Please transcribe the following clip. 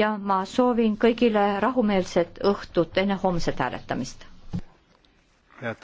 ja ma soovin kõigile rahumeelset õhtut enne homset hääletamist.